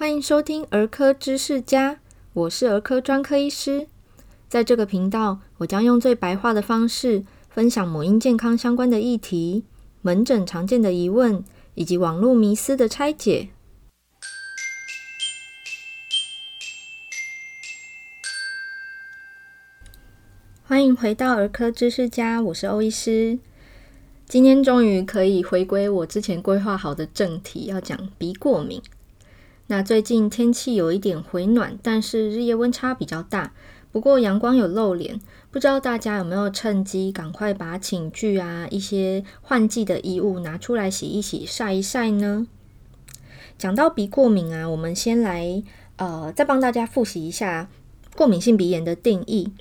歡迎收聽兒科知識家，我是兒科專科醫師。在這個頻道，我將用最白話的方式分享母嬰健康相關的議題、門診常見的疑問以及網絡迷思的拆解。歡迎回到兒科知識家，我是歐醫師。今天終於可以回歸我之前規劃好的正題，要講鼻過敏。那最近天氣有一點回暖，但是日夜溫差比較大。不過陽光有露臉，不知道大家有沒有趁機趕快把寢具啊、一些換季的衣物拿出來洗一洗、曬一曬呢？講到鼻過敏啊，我們先來呃，再幫大家複習一下過敏性鼻炎的定義。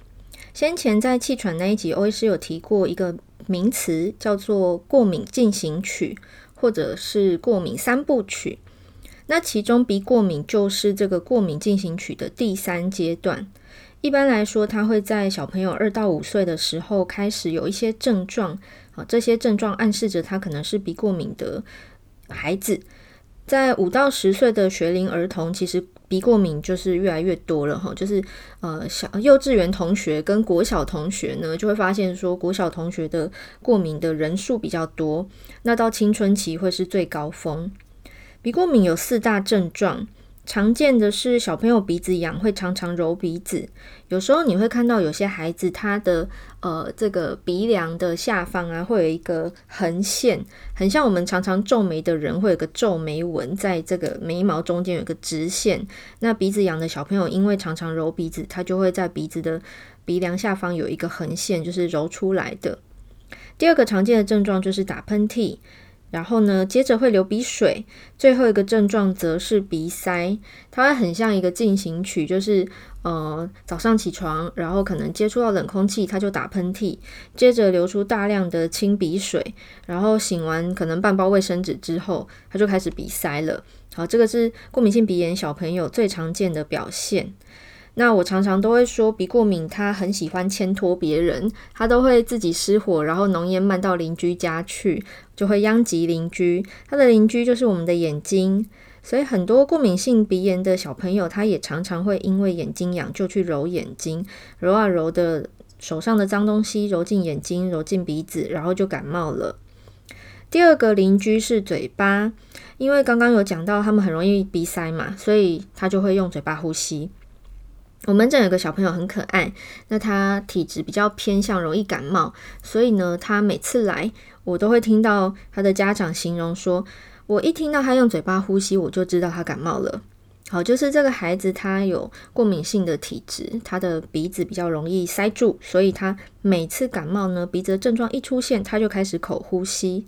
先前在氣喘那一集，歐醫師有提過一個名詞，叫做過敏進行曲，或者是過敏三部曲。那其中鼻過敏就是這個過敏進行曲的第三階段。一般來說，他會在小朋友二到五歲的時候開始有一些症狀，好，這些症狀暗示着他可能是鼻過敏的孩子。在五到十歲的學齡兒童，其實鼻過敏就是越來越多了哈，就是呃小幼稚園同學跟國小同學呢，就會發現說國小同學的過敏的人數比較多。那到青春期會是最高峰。鼻過敏有四大症狀，常見的是小朋友鼻子癢會常常揉鼻子，有時候你會看到有些孩子他的呃這個鼻梁的下方啊會有一個橫線，很像我們常常皺眉的人會有個皺眉紋，在這個眉毛中間有一個直線。那鼻子癢的小朋友因為常常揉鼻子，他就會在鼻子的鼻梁下方有一個橫線，就是揉出來的。第二個常見的症狀就是打噴嚏。然後呢，接着會流鼻水，最後一個症狀則是鼻塞，它會很像一個進行曲，就是呃早上起床，然後可能接觸到冷空氣，它就打噴嚏，接着流出大量的清鼻水，然後擤完可能半包衛生紙之後，它就開始鼻塞了。好，這個是過敏性鼻炎小朋友最常見的表現。那我常常都會說，鼻過敏他很喜歡牽拖別人，他都會自己失火，然後濃煙漫到鄰居家去，就會殃及鄰居。他的鄰居就是我們的眼睛，所以很多過敏性鼻炎的小朋友，他也常常會因為眼睛癢就去揉眼睛，揉啊揉的，手上的髒東西揉進眼睛，揉進鼻子，然後就感冒了。第二個鄰居是嘴巴，因為剛剛有講到他們很容易鼻塞嘛，所以他就會用嘴巴呼吸。我門診有個小朋友很可愛，那他體質比較偏向容易感冒，所以呢，他每次來我都會聽到他的家長形容說，我一聽到他用嘴巴呼吸，我就知道他感冒了。好，就是這個孩子他有過敏性的體質，他的鼻子比較容易塞住，所以他每次感冒呢，鼻子的症狀一出現，他就開始口呼吸。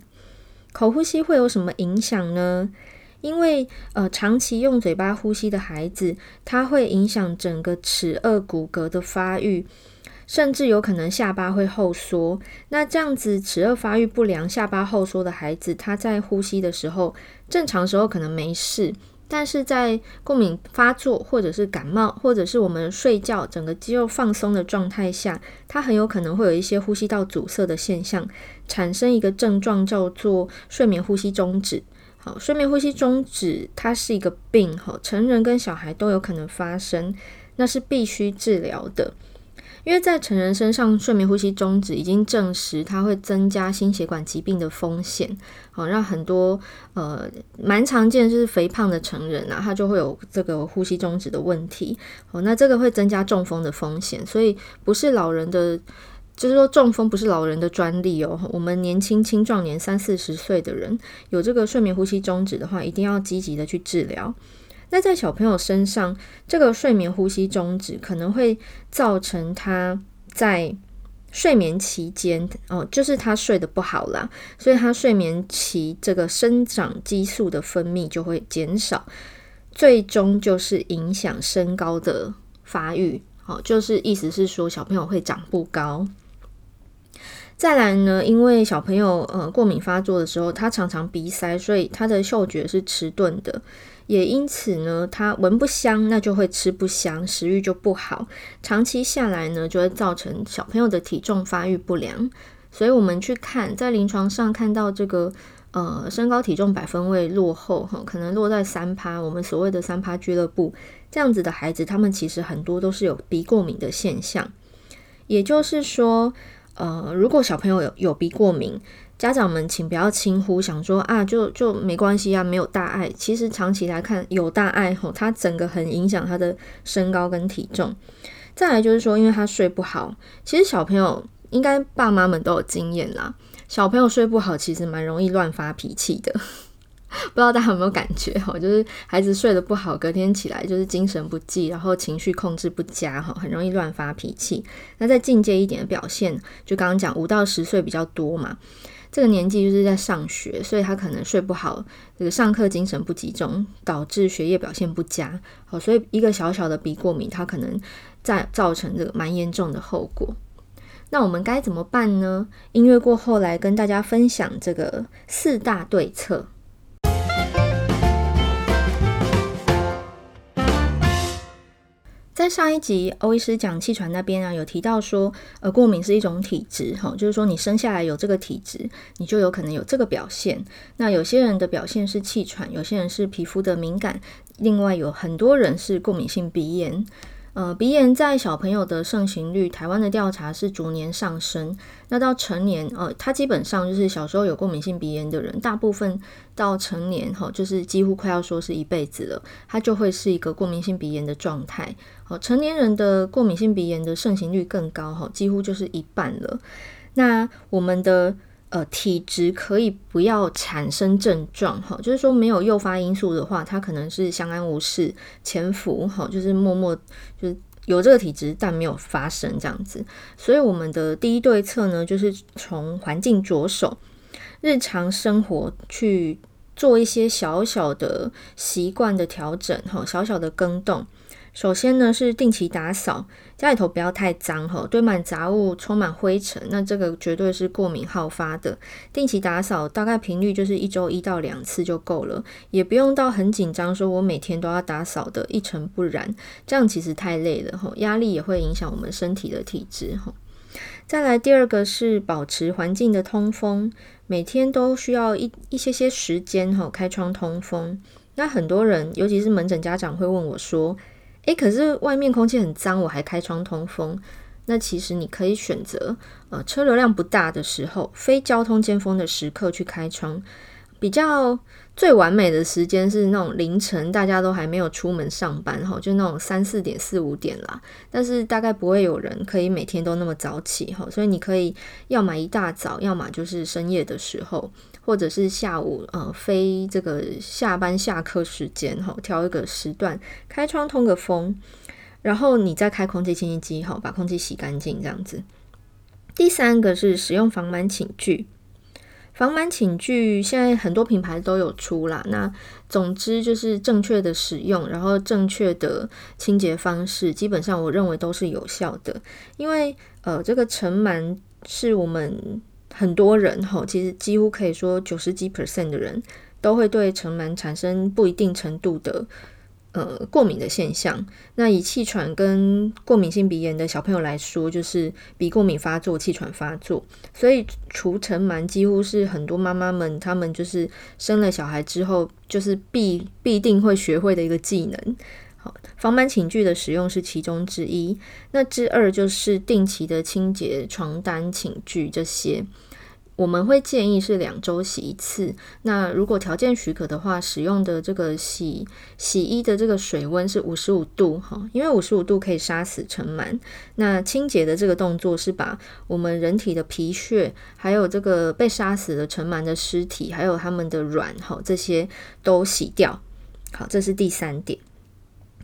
口呼吸會有什麼影響呢？因為呃，長期用嘴巴呼吸的孩子，他會影響整個齒顎骨骼的發育，甚至有可能下巴會後縮。那這樣子齒顎發育不良、下巴後縮的孩子，他在呼吸的時候，正常的時候可能沒事，但是在過敏發作或者是感冒，或者是我們睡覺整個肌肉放鬆的狀態下，他很有可能會有一些呼吸道阻塞的現象，產生一個症狀叫做睡眠呼吸中止。好，睡眠呼吸中止它是一個病，吼，成人跟小孩都有可能發生，那是必須治療的。因為在成人身上，睡眠呼吸中止已經證實它會增加心血管疾病的風險，好，讓很多呃蠻常見就是肥胖的成人啊，他就會有這個呼吸中止的問題，好，那這個會增加中風的風險，所以不是老人的。就是說，中風不是老人的專利哦。我們年輕青壯年三四十歲的人，有這個睡眠呼吸中止的話，一定要積極的去治療。那在小朋友身上，這個睡眠呼吸中止可能會造成他在睡眠期間，哦，就是他睡得不好啦。所以他睡眠期這個生長激素的分泌就會減少，最終就是影響身高的發育。好、哦，就是意思是說，小朋友會長不高。再來呢，因為小朋友呃過敏發作的時候，他常常鼻塞，所以他的嗅覺是遲鈍的，也因此呢，他聞不香，那就會吃不香，食欲就不好，長期下來呢，就會造成小朋友的體重發育不良。所以我們去看，在臨床上看到這個呃身高體重百分位落後，可能落在三趴，我們所謂的三趴俱樂部這樣子的孩子，他們其實很多都是有鼻過敏的現象，也就是說。呃，如果小朋友有有鼻過敏，家長們請不要輕忽，想說啊，就就沒關係啊，沒有大礙。其實長期來看，有大礙吼，他整個很影響他的身高跟體重。再來就是說，因為他睡不好，其實小朋友應該爸媽們都有經驗啦。小朋友睡不好，其實蠻容易亂發脾氣的。不知道大家有沒有感覺哈，就是孩子睡得不好，隔天起來就是精神不濟，然後情緒控制不佳哈，很容易亂發脾氣。那再進階一點的表現，就剛剛講五到十歲比較多嘛，這個年紀就是在上學，所以他可能睡不好，這個上課精神不集中，導致學業表現不佳。好，所以一個小小的鼻過敏，它可能在造成這個蠻嚴重的後果。那我們該怎麼辦呢？音樂過後來跟大家分享這個四大對策。在上一集歐醫師講氣喘那邊啊，有提到說，呃，過敏是一種體質，哈，就是說你生下來有這個體質，你就有可能有這個表現。那有些人的表現是氣喘，有些人是皮膚的敏感，另外有很多人是過敏性鼻炎。呃，鼻炎在小朋友的盛行率，台灣的調查是逐年上升。那到成年，呃，他基本上就是小時候有過敏性鼻炎的人，大部分到成年，哈、哦，就是幾乎快要說是一輩子了，他就會是一個過敏性鼻炎的狀態。哦，成年人的過敏性鼻炎的盛行率更高，哈、哦，幾乎就是一半了。那我們的。呃，體質可以不要產生症狀，哈，就是說沒有誘發因素的話，它可能是相安無事，潛伏，哈，就是默默就是有這個體質，但沒有發生這樣子。所以我們的第一對策呢，就是從環境着手，日常生活去做一些小小的習慣的調整，哈，小小的更動。首先呢，是定期打掃家裡頭不要太髒哈，堆滿雜物、充滿灰塵，那這個絕對是過敏好發的。定期打掃大概頻率就是一周一到兩次就夠了，也不用到很緊張，說我每天都要打掃的，一塵不染，這樣其實太累了，壓力也會影響我們身體的體質哈。再來第二個是保持環境的通風，每天都需要一一些些時間哈，開窗通風。那很多人，尤其是門診家長會問我說，誒，可是外面空氣很髒，我還開窗通風？那其實你可以選擇，呃，車流量不大的時候，非交通尖峰的時刻去開窗，比較最完美的時間是那種凌晨大家都還沒有出門上班哈，就那種三四點四五點啦。但是大概不會有人可以每天都那麼早起哈，所以你可以要麼一大早，要麼就是深夜的時候。或者是下午，呃，非這個下班下課時間哈、哦，挑一個時段開窗通個風，然後你再開空氣清新機哈、哦，把空氣洗乾淨這樣子。第三個是使用防蟎寢具，防蟎寢具現在很多品牌都有出啦。那總之就是正確的使用，然後正確的清潔方式，基本上我認為都是有效的，因為呃，這個塵蟎是我們。很多人吼，其實幾乎可以說九十幾 percent 的人都會對塵蟎產生不一定程度的呃過敏的現象。那以氣喘跟過敏性鼻炎的小朋友來說，就是鼻過敏發作、氣喘發作。所以除塵蟎幾乎是很多媽媽們她們就是生了小孩之後，就是必必定會學會的一個技能。好，防蟎寢具的使用是其中之一。那之二就是定期的清潔床單、寢具這些。我們會建議是兩週洗一次。那如果條件許可的話，使用的這個洗洗衣的這個水溫是五十五度哈，因為五十五度可以殺死塵蟎。那清潔的這個動作是把我們人體的皮屑，還有這個被殺死的塵蟎的屍體，還有它們的卵哈，這些都洗掉。好，這是第三點。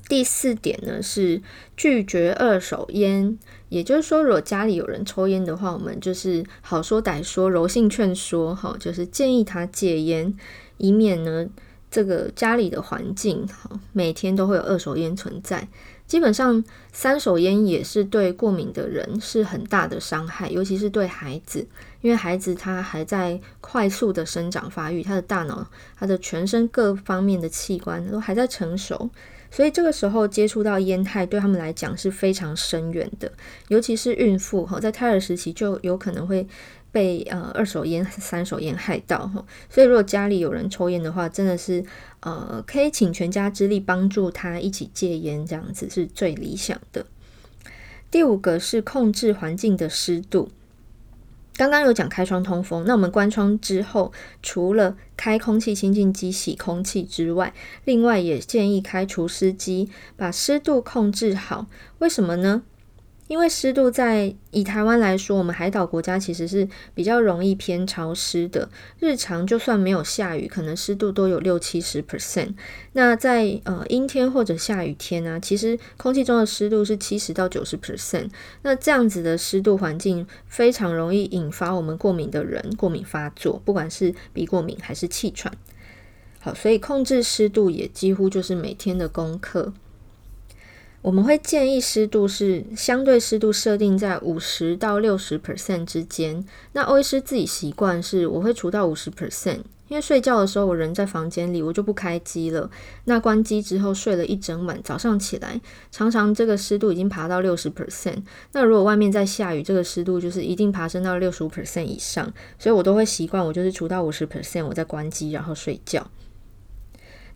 第四點呢是拒絕二手煙，也就是說，如果家裡有人抽煙的話，我們就是好說歹說、柔性勸說，哈，就是建議他戒煙，以免呢這個家裡的環境每天都會有二手煙存在。基本上三手煙也是對過敏的人是很大的傷害，尤其是對孩子，因為孩子他還在快速的生長發育，他的大腦、他的全身各方面的器官都還在成熟。所以這個時候接觸到煙害，對他們來講是非常深遠的，尤其是孕婦哈，在胎兒時期就有可能會被呃二手煙、三手煙害到哈。所以如果家裡有人抽煙的話，真的是呃可以請全家之力幫助他一起戒煙，這樣子是最理想的。第五個是控制環境的濕度。剛剛有講開窗通風，那我們關窗之後，除了開空氣清淨機洗空氣之外，另外也建議開除濕機，把濕度控制好。為什麼呢？因為濕度在以台灣來說，我們海島國家其實是比較容易偏潮濕的。日常就算沒有下雨，可能濕度都有六七十 percent。那在呃陰天或者下雨天呢，啊，其實空氣中的濕度是七十到九十 percent。那這樣子的濕度環境非常容易引發我們過敏的人過敏發作，不管是鼻過敏還是氣喘。好，所以控制濕度也幾乎就是每天的功課。我們會建議濕度是相對濕度設定在五十到六十 percent 之間。那歐醫師自己習慣是我會除到五十 percent，因為睡覺的時候我人在房間裡，我就不開機了。那關機之後睡了一整晚，早上起來常常這個濕度已經爬到六十 percent。那如果外面在下雨，這個濕度就是一定爬升到六十五 percent 以上。所以我都會習慣我就是除到五十 percent，我再關機然後睡覺。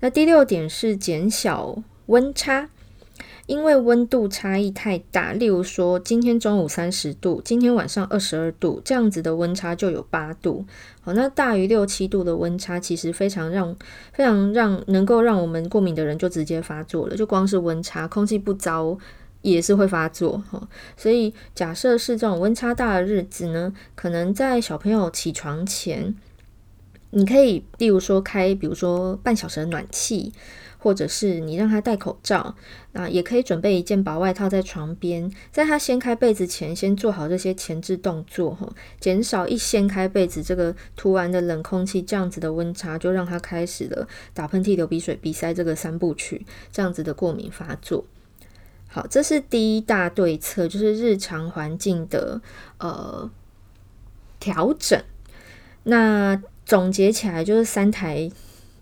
那第六點是減小溫差。因為溫度差異太大，例如說今天中午三十度，今天晚上二十二度，這樣子的溫差就有八度。好，那大於六七度的溫差，其實非常讓非常讓能夠讓我們過敏的人就直接發作了。就光是溫差，空氣不糟也是會發作哈、哦。所以假設是這種溫差大的日子呢，可能在小朋友起床前，你可以例如說開，比如說半小時的暖氣。或者是你讓他戴口罩，那也可以準備一件薄外套在床邊，在他掀開被子前，先做好這些前置動作，哈，減少一掀開被子這個突然的冷空氣，這樣子的溫差就讓他開始了打噴嚏、流鼻水、鼻塞這個三部曲，這樣子的過敏發作。好，這是第一大對策，就是日常環境的呃調整。那總結起來就是三台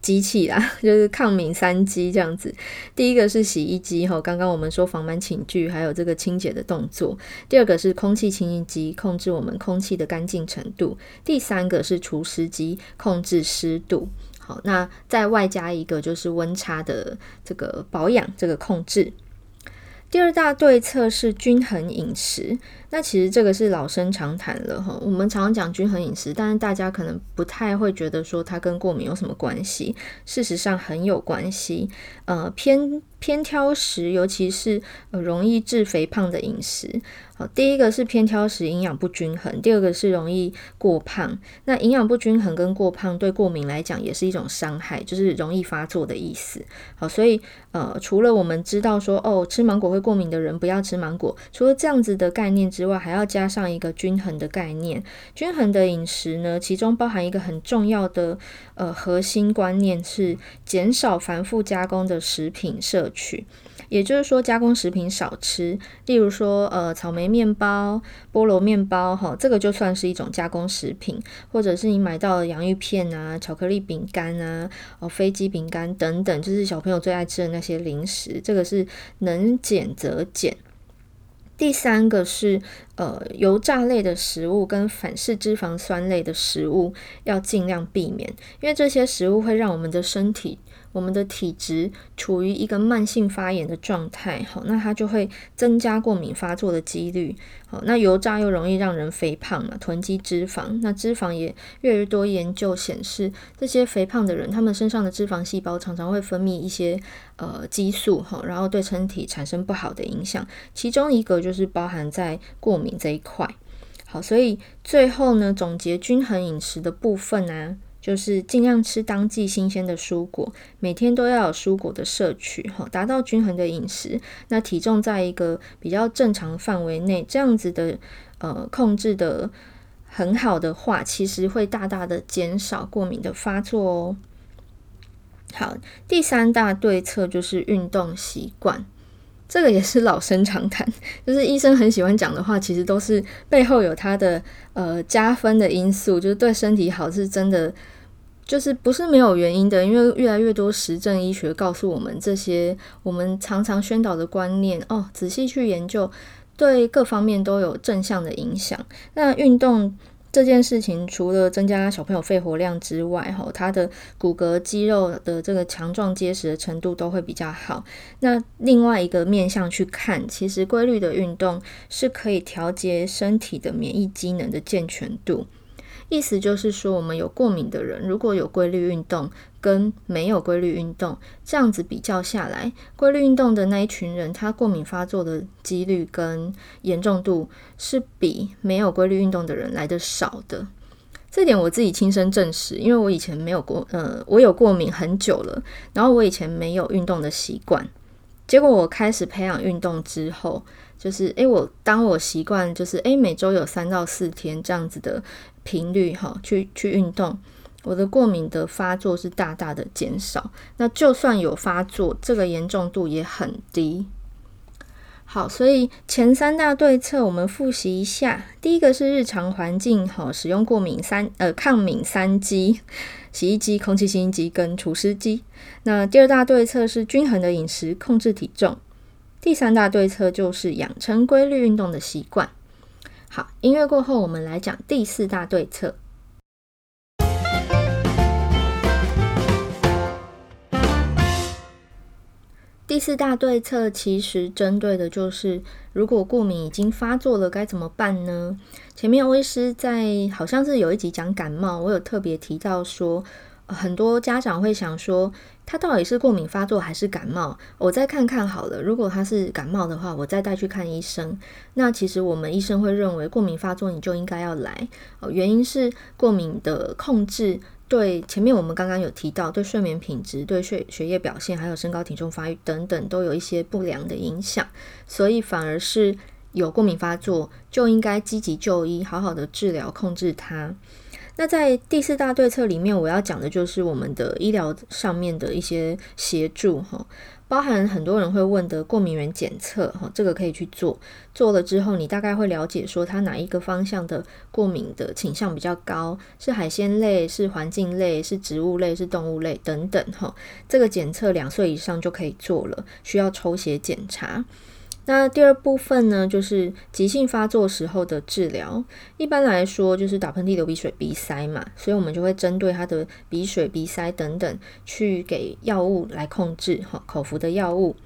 機器啦，就是抗敏三機這樣子。第一個是洗衣機，哈，剛剛我們說防蟎、寢具還有這個清潔的動作。第二個是空氣清新機，控制我們空氣的乾淨程度。第三個是除濕機，控制濕度。好，那再外加一個就是溫差的這個保養這個控制。第二大對策是均衡飲食。那其實這個是老生常談了哈，我們常講均衡飲食，但是大家可能不太會覺得說它跟過敏有什麼關係。事實上很有關係，呃，偏偏挑食，尤其是、呃、容易致肥胖的飲食。好，第一個是偏挑食，營養不均衡；第二個是容易過胖。那營養不均衡跟過胖對過敏來講也是一種傷害，就是容易發作的意思。好，所以呃，除了我們知道說哦，吃芒果會過敏的人不要吃芒果，除了這樣子的概念。之外，還要加上一個均衡的概念。均衡的飲食呢，其中包含一個很重要的呃核心觀念，是減少反復加工的食品攝取。也就是說，加工食品少吃。例如說，呃，草莓麵包、菠蘿麵包，哈、哦，這個就算是一種加工食品；或者是你買到的洋芋片啊、巧克力餅乾啊、哦飛機餅乾等等，就是小朋友最愛吃的那些零食，這個是能減則減。第三個是。呃，油炸類的食物跟反式脂肪酸類的食物要儘量避免，因為這些食物會讓我們的身體、我們的體質處於一個慢性發炎的狀態。好，那它就會增加過敏發作的幾率。好，那油炸又容易讓人肥胖嘛，囤積脂肪。那脂肪也越來越多研究顯示，這些肥胖的人，他們身上的脂肪細胞常常會分泌一些呃激素哈，然後對身體產生不好的影響。其中一個就是包含在過敏。這一塊，好，所以最後呢，總結均衡飲食的部分呢，啊，就是盡量吃當季新鮮的蔬果，每天都要有蔬果的攝取，哈，達到均衡的飲食。那體重在一個比較正常範圍內，這樣子的呃控制的很好的話，其實會大大的減少過敏的發作哦。好，第三大對策就是運動習慣。這個也是老生常談，就是醫生很喜歡講的話，其實都是背後有他的呃加分的因素，就是對身體好是真的，就是不是沒有原因的，因為越來越多實證醫學告訴我們，這些我們常常宣導的觀念，哦，仔細去研究，對各方面都有正向的影響。那運動。這件事情除了增加小朋友肺活量之外，吼，他的骨骼肌肉的這個強壯結實的程度都會比較好。那另外一個面向去看，其實規律的運動是可以調節身體的免疫機能的健全度。意思就是說，我們有過敏的人，如果有規律運動跟沒有規律運動這樣子比較下來，規律運動的那一群人，他過敏發作的幾率跟嚴重度是比沒有規律運動的人來得少的。這點我自己親身證實，因為我以前沒有過，呃，我有過敏很久了，然後我以前沒有運動的習慣，結果我開始培養運動之後，就是，誒，我當我習慣，就是，誒，每周有三到四天這樣子的。頻率哈、哦，去去運動，我的過敏的發作是大大的減少。那就算有發作，這個嚴重度也很低。好，所以前三大對策我們複習一下：第一個是日常環境哈、哦，使用過敏三呃抗敏三機，洗衣機、空氣清新機跟除濕機。那第二大對策是均衡的飲食，控制體重。第三大對策就是養成規律運動的習慣。好，音樂過後，我們來講第四大對策。第四大對策其實針對的就是，如果過敏已經發作了，該怎麼辦呢？前面歐醫師在好像是有一集講感冒，我有特別提到說，呃，很多家長會想說。他到底是過敏發作還是感冒？我再看看好了。如果他是感冒的話，我再帶去看醫生。那其實我們醫生會認為過敏發作，你就應該要來，原因是過敏的控制對，前面我們剛剛有提到，對睡眠品質、對學業表現、還有身高體重發育等等都有一些不良的影響，所以反而是有過敏發作就應該積極就醫，好好的治療控制它。那在第四大對策裡面，我要講的就是我們的醫療上面的一些協助哈，包含很多人會問的過敏原檢測哈，這個可以去做，做了之後你大概會了解說它哪一個方向的過敏的傾向比較高，是海鮮類、是環境類、是植物類、是動物類等等哈，這個檢測兩歲以上就可以做了，需要抽血檢查。那第二部分呢，就是急性發作時候的治療。一般來說，就是打噴嚏、流鼻水、鼻塞嘛，所以我們就會針對他的鼻水、鼻塞等等，去給藥物來控制。吼，口服的藥物。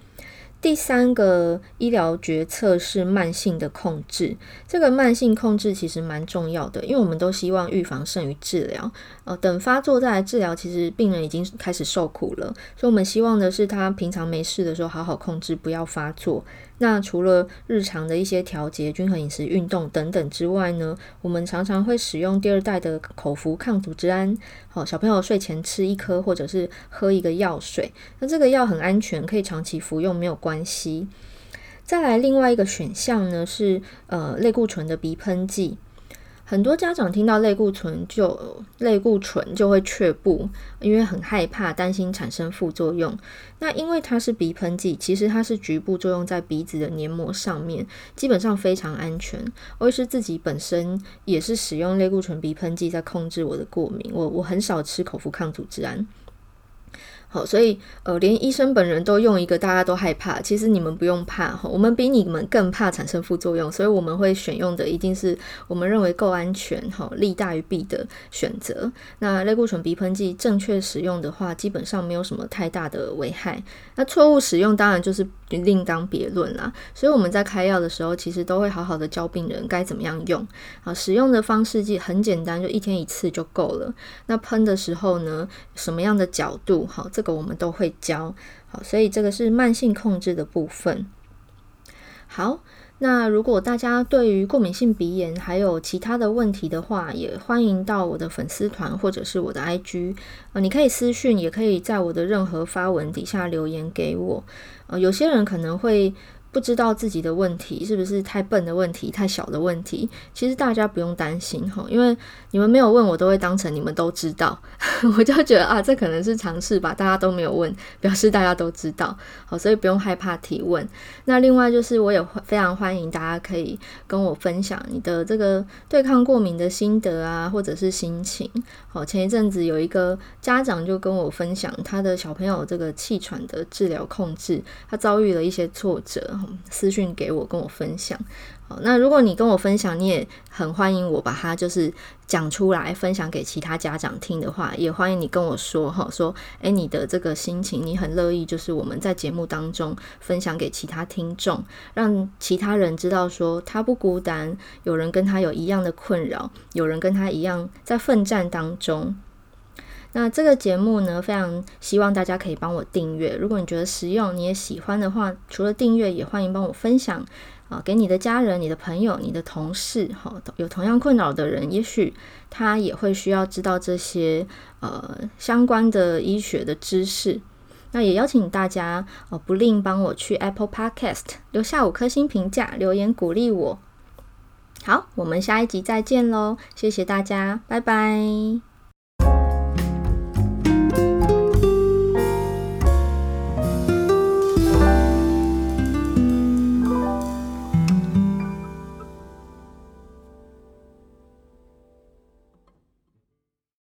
第三個醫療決策是慢性的控制。這個慢性控制其實蠻重要的，因為我們都希望預防勝於治療。呃、哦，等發作再來治療，其實病人已經開始受苦了。所以我們希望的是他平常沒事的時候好好控制，不要發作。那除了日常的一些調節、均衡飲食、運動等等之外呢，我們常常會使用第二代的口服抗組織胺，小朋友睡前吃一顆或者是喝一個藥水，那這個藥很安全，可以長期服用沒有關係。再來另外一個選項呢是呃類固醇的鼻噴劑。很多家長聽到類固醇就類固醇就會卻步，因為很害怕，擔心產生副作用。那因為它是鼻噴劑，其實它是局部作用在鼻子的黏膜上面，基本上非常安全。我也是自己本身也是使用類固醇鼻噴劑在控制我的過敏，我我很少吃口服抗組織胺。好，所以呃，連醫生本人都用一個，大家都害怕。其實你們不用怕哈，我們比你們更怕產生副作用，所以我們會選用的一定是我們認為夠安全，哈，利大於弊的選擇。那類固醇鼻噴劑正確使用的話，基本上沒有什麼太大的危害。那錯誤使用，當然就是。另當別論啦，所以我們在開藥的時候，其實都會好好的教病人該怎麼樣用啊。好，使用的方式就很簡單，就一天一次就夠了。那噴的時候呢，什麼樣的角度？好，這個我們都會教。好，所以這個是慢性控制的部分。好。那如果大家對於過敏性鼻炎還有其他的問題的話，也歡迎到我的粉絲團或者是我的 IG，呃，你可以私訊，也可以在我的任何發文底下留言給我，呃，有些人可能會。不知道自己的問題是不是太笨的問題、太小的問題，其實大家不用擔心哈，因為你們沒有問我，都會當成你們都知道， 我就覺得啊，這可能是常識吧，大家都沒有問，表示大家都知道，好，所以不用害怕提問。那另外就是我也非常歡迎大家可以跟我分享你的這個對抗過敏的心得啊，或者是心情。好，前一陣子有一個家長就跟我分享他的小朋友這個氣喘的治療控制，他遭遇了一些挫折。私訊給我，跟我分享。好，那如果你跟我分享，你也很歡迎我把它就是講出來，分享給其他家長聽的話，也歡迎你跟我說哈，說，誒、欸，你的這個心情，你很樂意，就是我們在節目當中分享給其他聽眾，讓其他人知道說他不孤單，有人跟他有一樣的困擾，有人跟他一樣在奮戰當中。那這個節目呢，非常希望大家可以幫我訂閱。如果你覺得實用，你也喜歡的話，除了訂閱，也歡迎幫我分享啊、哦，給你的家人、你的朋友、你的同事、哦，有同樣困擾的人，也許他也會需要知道這些呃相關的醫學的知識。那也邀請大家、哦、不吝幫我去 Apple Podcast 留下五顆星評價，留言鼓勵我。好，我們下一集再見嘍，謝謝大家，拜拜。